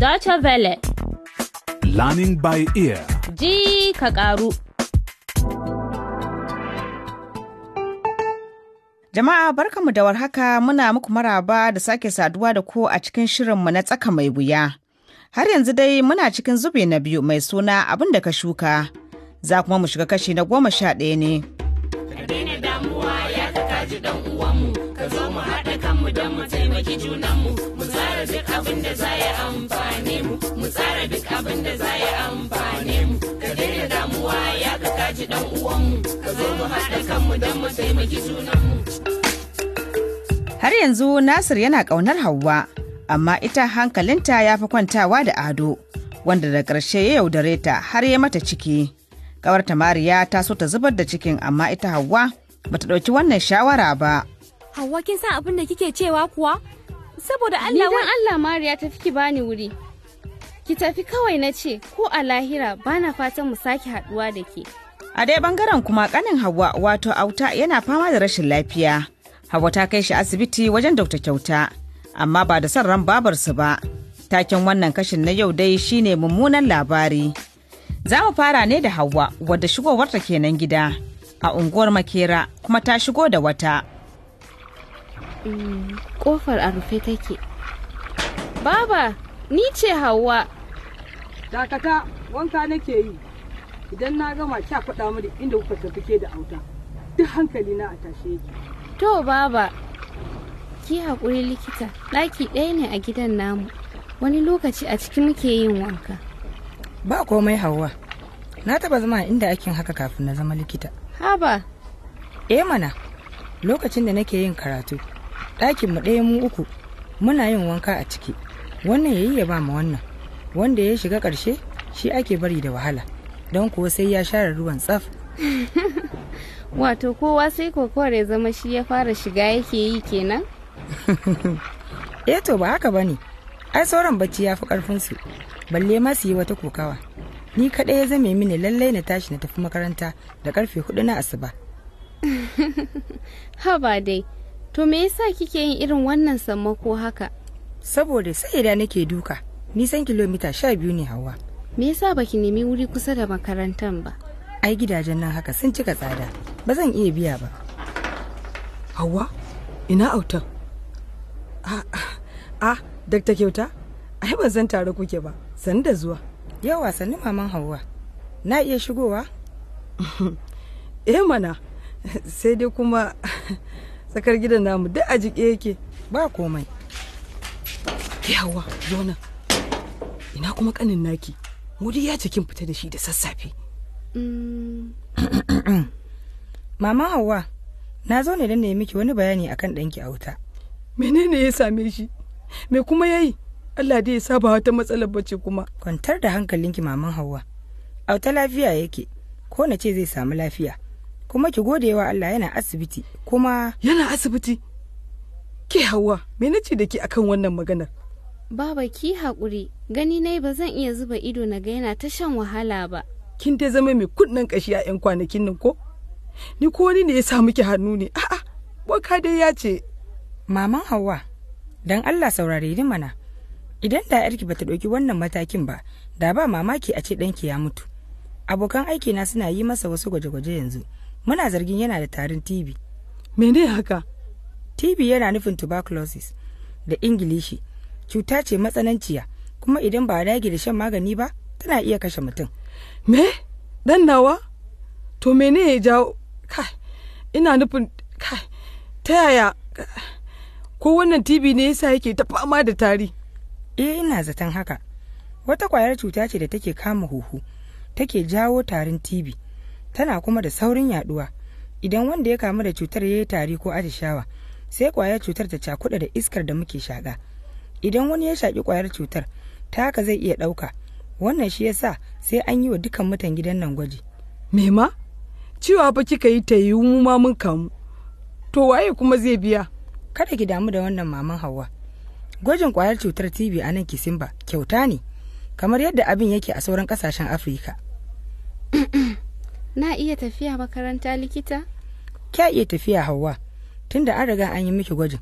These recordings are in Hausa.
Dacha Vele. Learning by ear. Ji ka ƙaru. Jama'a mu da warhaka muna muku maraba da sake saduwa da ku a cikin shirinmu na tsaka mai wuya. Har yanzu dai muna cikin zube na biyu mai suna abin da ka shuka. Za kuma mu shiga kashi na goma sha ɗaya ne. Ka daina damuwa ya ka kaji ɗan uwanmu, ka zo mu haɗa kanmu don mu taimaki junanmu. abin da za ya amfani mu mu tsara duk abin da za ya amfani mu ka daina damuwa ya ka kaji dan uwanmu ka zo mu haɗa kanmu don mu taimaki junanmu. Har yanzu Nasir yana ƙaunar Hauwa, amma ita hankalinta ya fi kwantawa da Ado, wanda da ƙarshe ya yaudare ta har ya mata ciki. Ƙawarta Mariya ta so ta zubar da cikin amma ita Hauwa bata ɗauki wannan shawara ba. Hauwa kin san abin da kike cewa kuwa? Saboda Allah wani Allah Mariya ta fi bani wuri. Ki tafi kawai na ce ko a lahira bana fatan mu sake haduwa da ke. A dai bangaren kuma kanin Hauwa wato auta yana fama da rashin lafiya. Hauwa ta kai shi asibiti wajen Dokta Kyauta amma ba da son ran babarsu ba. Taken wannan kashin na yau dai shine mummunan labari. Za mu fara ne da Hauwa wadda shigowarta kenan gida a unguwar Makera kuma ta shigo da wata. Eh, kofar a rufe take. Baba, ni ce Hauwa. Dakata, wanka nake yi. Idan na gama kya faɗa mu inda kuka tafi ke da auta. Duk hankali na a tashe yake. To, Baba, ki haƙuri likita, ɗaki ɗaya ne a gidan namu. Wani lokaci a ciki muke yin wanka. Ba komai Hauwa. Na taɓa zama inda akin haka kafin na zama likita. Haba. Eh mana, lokacin da nake yin karatu, ɗakin mu ɗaya mu uku muna yin wanka a ciki wannan yayi ya ba ma wannan wanda ya shiga ƙarshe shi ake bari da wahala don kuwa sai ya share ruwan tsaf wato kowa sai kokowar ya zama shi ya fara shiga yake yi kenan eh to ba haka bane ai sauran bacci ya fi ƙarfinsu. balle ma su yi wata kokawa ni kaɗai ya zame mini lallai na tashi na tafi makaranta da ƙarfe hudu na asuba haba dai To me yasa kike yin irin wannan sammako haka? Saboda sai ida nake duka, nisan kilomita sha biyu ne hawa. Me yasa baki nemi wuri kusa da makarantar ba? Ai gidajen nan haka sun cika tsada, ba zan iya biya ba. Hawa, ina autan? Ah, ah, Kyauta, ai ban san tare kuke ba, sani da zuwa. Yawa wasanni, maman Hauwa, na iya shigowa? eh mana, sai dai kuma tsakar gidan namu duk a jike yake ba komai yawa ina kuma kanin naki wuri ya cikin fita da shi da sassafe mm. mama hawa na zo ne don na yi miki wani bayani akan ɗanki a wuta menene ya same shi me kuma yayi Allah dai ya saba wata matsalar bace kuma kwantar da hankalinki maman hawa auta lafiya yake ko na ce zai samu lafiya kuma ki gode wa Allah yana asibiti kuma yana asibiti ke hawa me nace da ke akan wannan maganar baba ki haƙuri gani nai ba zan iya zuba ido na ga yana ta shan wahala ba kin ta zama mai kunnan kashi a yan kwanakin nan ko ni ko wani ne ya sa miki hannu ne a'a boka dai ya ce maman hawa dan Allah saurare ni mana idan da yarki bata ɗauki wannan matakin ba da ba mamaki a ce danki ya mutu abokan aiki na suna yi masa wasu gwaje-gwaje yanzu muna zargin yana da tarin tb mene haka tb yana nufin tuberculosis da ingilishi cuta ce matsananciya kuma idan ba dage da shan magani ba tana iya kashe mutum me dan nawa to mene ya jawo kai ina nufin kai ta yaya ko wannan tb ne yasa yake ta fama da tari eh ina zaton haka wata kwayar cuta ce da take kama huhu take jawo tarin tb tana kuma da saurin yaduwa idan wanda ya kamu da cutar ya yi tari ko atishawa sai kwayar cutar ta cakuɗa da iskar da muke shaƙa idan wani ya shaki kwayar cutar taka zai iya ɗauka wannan shi yasa sai an yi wa dukan mutan gidan nan gwaji me ma cewa ba kika yi ta yiwu mu ma mun kamu to waye kuma zai biya kada ki damu da wannan maman hawa gwajin kwayar cutar TV a nan kisimba kyauta ne kamar yadda abin yake a sauran kasashen afirka na iya tafiya makaranta likita kya iya tafiya hawa tunda an riga an yi miki gwajin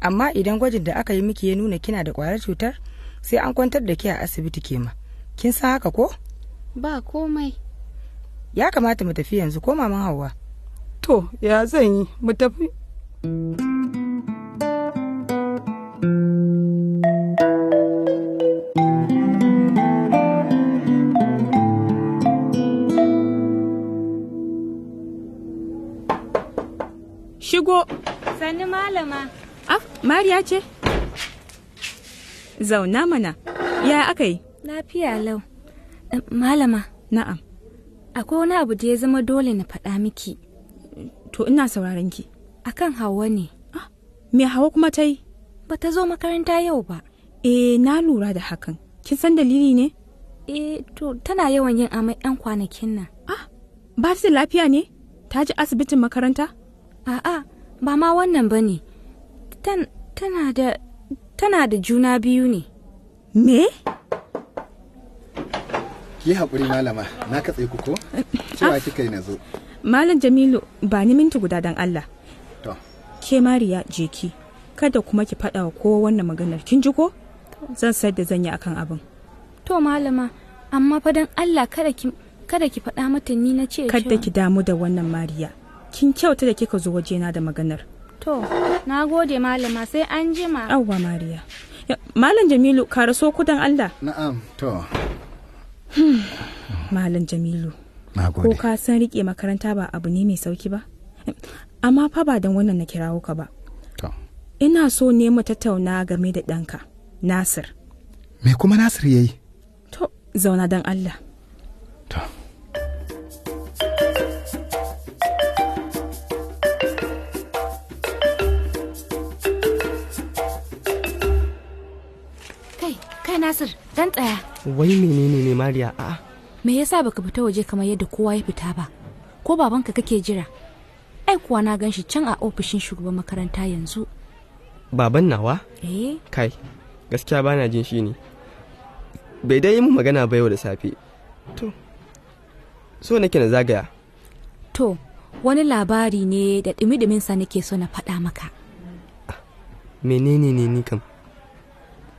amma idan gwajin da aka yi miki ya nuna kina da ƙwayar cutar sai an kwantar da ke a asibiti ke ma kin san haka ko ba komai ya kamata mu tafi yanzu ko maman hawa to ya zan yi mu tafi shigo. Sannu malama. Af, Mariya ce? Zauna mana, ya aka yi? Lafiya lau. Malama. Na'am. Akwai wani abu da ya zama dole na faɗa miki. To ina sauraron ki. Akan hawa ne. Ah, me hawa kuma ta yi? Ba ta zo makaranta yau ba. Eh, na lura da hakan. Kin san dalili ne? Eh, to tana yawan yin amai 'yan kwanakin nan. Ah, ba su lafiya ne? Ta ji asibitin makaranta? A'a, ba ma wannan ba ne tana da da juna biyu ne me ki haƙuri malama na katse ku ko cewa kika yi na zo malam jamilu ba ni minti guda don allah to ke mariya jeki kada kuma ki faɗa wa kowa wannan maganar kin ji ko zan sayar da zan yi akan abin to malama amma fa don allah kada ki kada ki faɗa mata ni na ce kada ki damu da wannan mariya kin kyauta da kika zo wajena da maganar to na gode malama sai an jima yawwa mariya malam jamilu ka raso kudan allah na'am to hmm, malam jamilu ko ka san riƙe makaranta ba abu ne mai sauki ba amma fa ba don wannan na kirawo ka ba ina so ne mu tattauna game da ɗanka nasir me kuma nasir ya yi to zauna don allah to Nasir, dan tsaya. Wai menene ne Mariya? A'a. Me yasa baka fita waje kamar yadda kowa ya fita ba? Ko babanka kake jira? Ai kuwa na ganshi can a ofishin shugaban makaranta yanzu. Baban nawa? Eh. Kai, gaskiya bana jin shi ne. Bai dai mu magana ba yau da safe. To. So nake na zagaya. To, wani labari ne da dumi-duminsa nake so na faɗa maka. Ah, menene ne ni kam?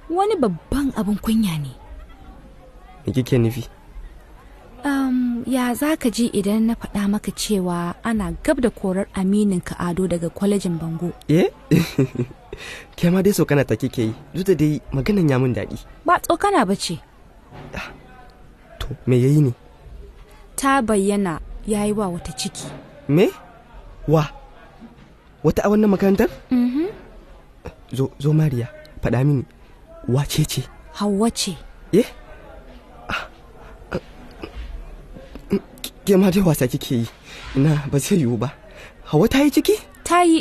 wani babban abin kunya ne me kike nufi um, ya za ka ji idan na faɗa maka cewa ana gab da korar aminin ka ado daga kwalejin bango eh ke ma dai tsokana ta kike yi duk da dai maganan ya mun daɗi ba tsokana ba ce ah, to me yi ne ta bayyana ya yi wa wata ciki me wa wata a wannan makarantar mm -hmm. zo, zo mariya faɗa mini wace ce hawa ce ye ke ma dai wasa kike yi na ba zai yiwu ba hawa ta yi ciki ta yi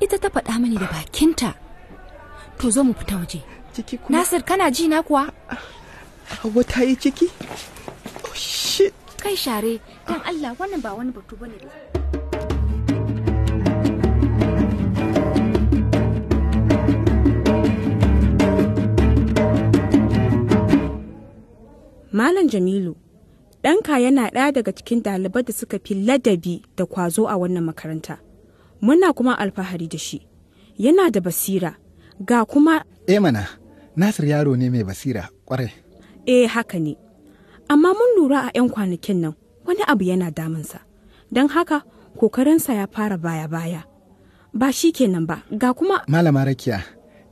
ita ta faɗa mani da bakinta to zo mu fita waje ciki kuma nasir kana ji na kuwa ah, hawa ta yi ciki oh shit kai share don allah wannan ba wani batu ne da Malam Jamilu, ɗanka yana ɗaya daga cikin ɗalibai da suka fi ladabi da kwazo a wannan makaranta. Muna kuma alfahari da shi. Yana da basira, ga kuma... E mana, Nasir yaro ne mai basira kwarai. E eh, haka ne. Amma mun lura a 'yan kwanakin nan wani abu yana damunsa. Don haka, kokarinsa ya fara baya-baya. Ba shi kenan ba, ga kuma... Malama Rakiya,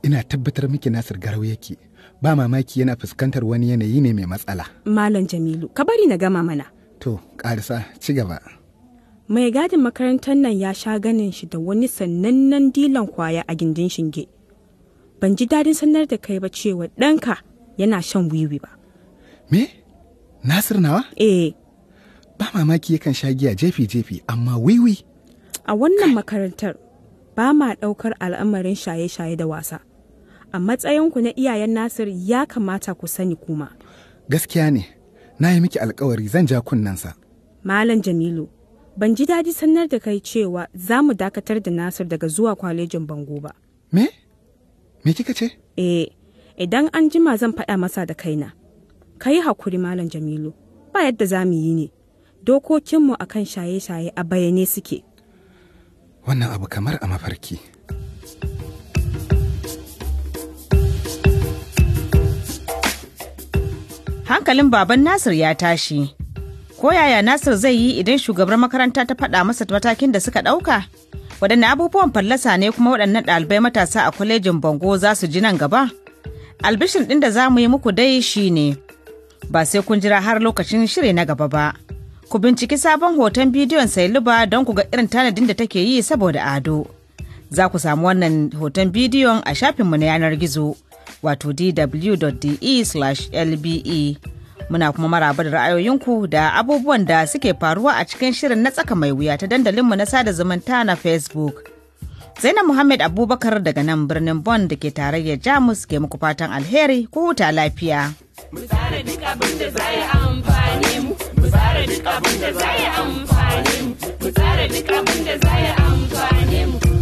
ina tabbatar miki Nasir garau yake. ba mamaki yana fuskantar wani yanayi ne mai matsala. Malam Jamilu, ka bari na gama mana. To, ƙarisa, ci gaba. Mai gadin makarantar nan ya sha ganin shi da wani sannannen dilan kwaya a gindin shinge. Ban ji dadin sanar da kai ba cewa ɗanka yana shan wiwi ba. Me? Nasir nawa? Eh. Ba mamaki yakan sha giya jefi-jefi, amma wiwi? A wannan makarantar, ba ma ɗaukar al'amarin shaye-shaye da wasa. a matsayinku na iyayen Nasir ya kamata ku sani kuma. Gaskiya ne, na yi miki alkawari zan ja kunnensa. Malam Jamilu, ban ji daɗi sanar da kai cewa za mu dakatar da Nasir daga zuwa kwalejin Bango ba. Me? Me kika ce? Eh, idan an jima zan faɗa masa da kaina. Ka yi hakuri Malam Jamilu, ba yadda za mu yi ne. Dokokinmu akan shaye-shaye a bayane suke. Wannan abu kamar a mafarki. Hankalin baban Nasir ya tashi. Ko yaya Nasir zai yi idan shugabar makaranta ta faɗa masa matakin da suka ɗauka? Waɗanne abubuwan fallasa ne kuma waɗannan ɗalibai matasa a kwalejin Bango za su ji nan gaba? Albishin ɗin da za mu yi muku dai shi ne, ba sai kun jira har lokacin shiri na gaba ba. Ku binciki sabon hoton bidiyon Sailuba don ku ga irin tanadin da take yi saboda ado. Za ku samu wannan hoton bidiyon a shafinmu na yanar gizo. wato dw.de/lbe e. muna kuma maraba da ra'ayoyinku da abubuwan da suke faruwa a cikin shirin na tsaka mai wuya ta dandalinmu na sada zumunta na facebook zainab muhammad abubakar daga nan birnin Bon da ke tarayyar jamus ke muku fatan alheri ku huta lafiya mu tsara duk abin za yi amfani mu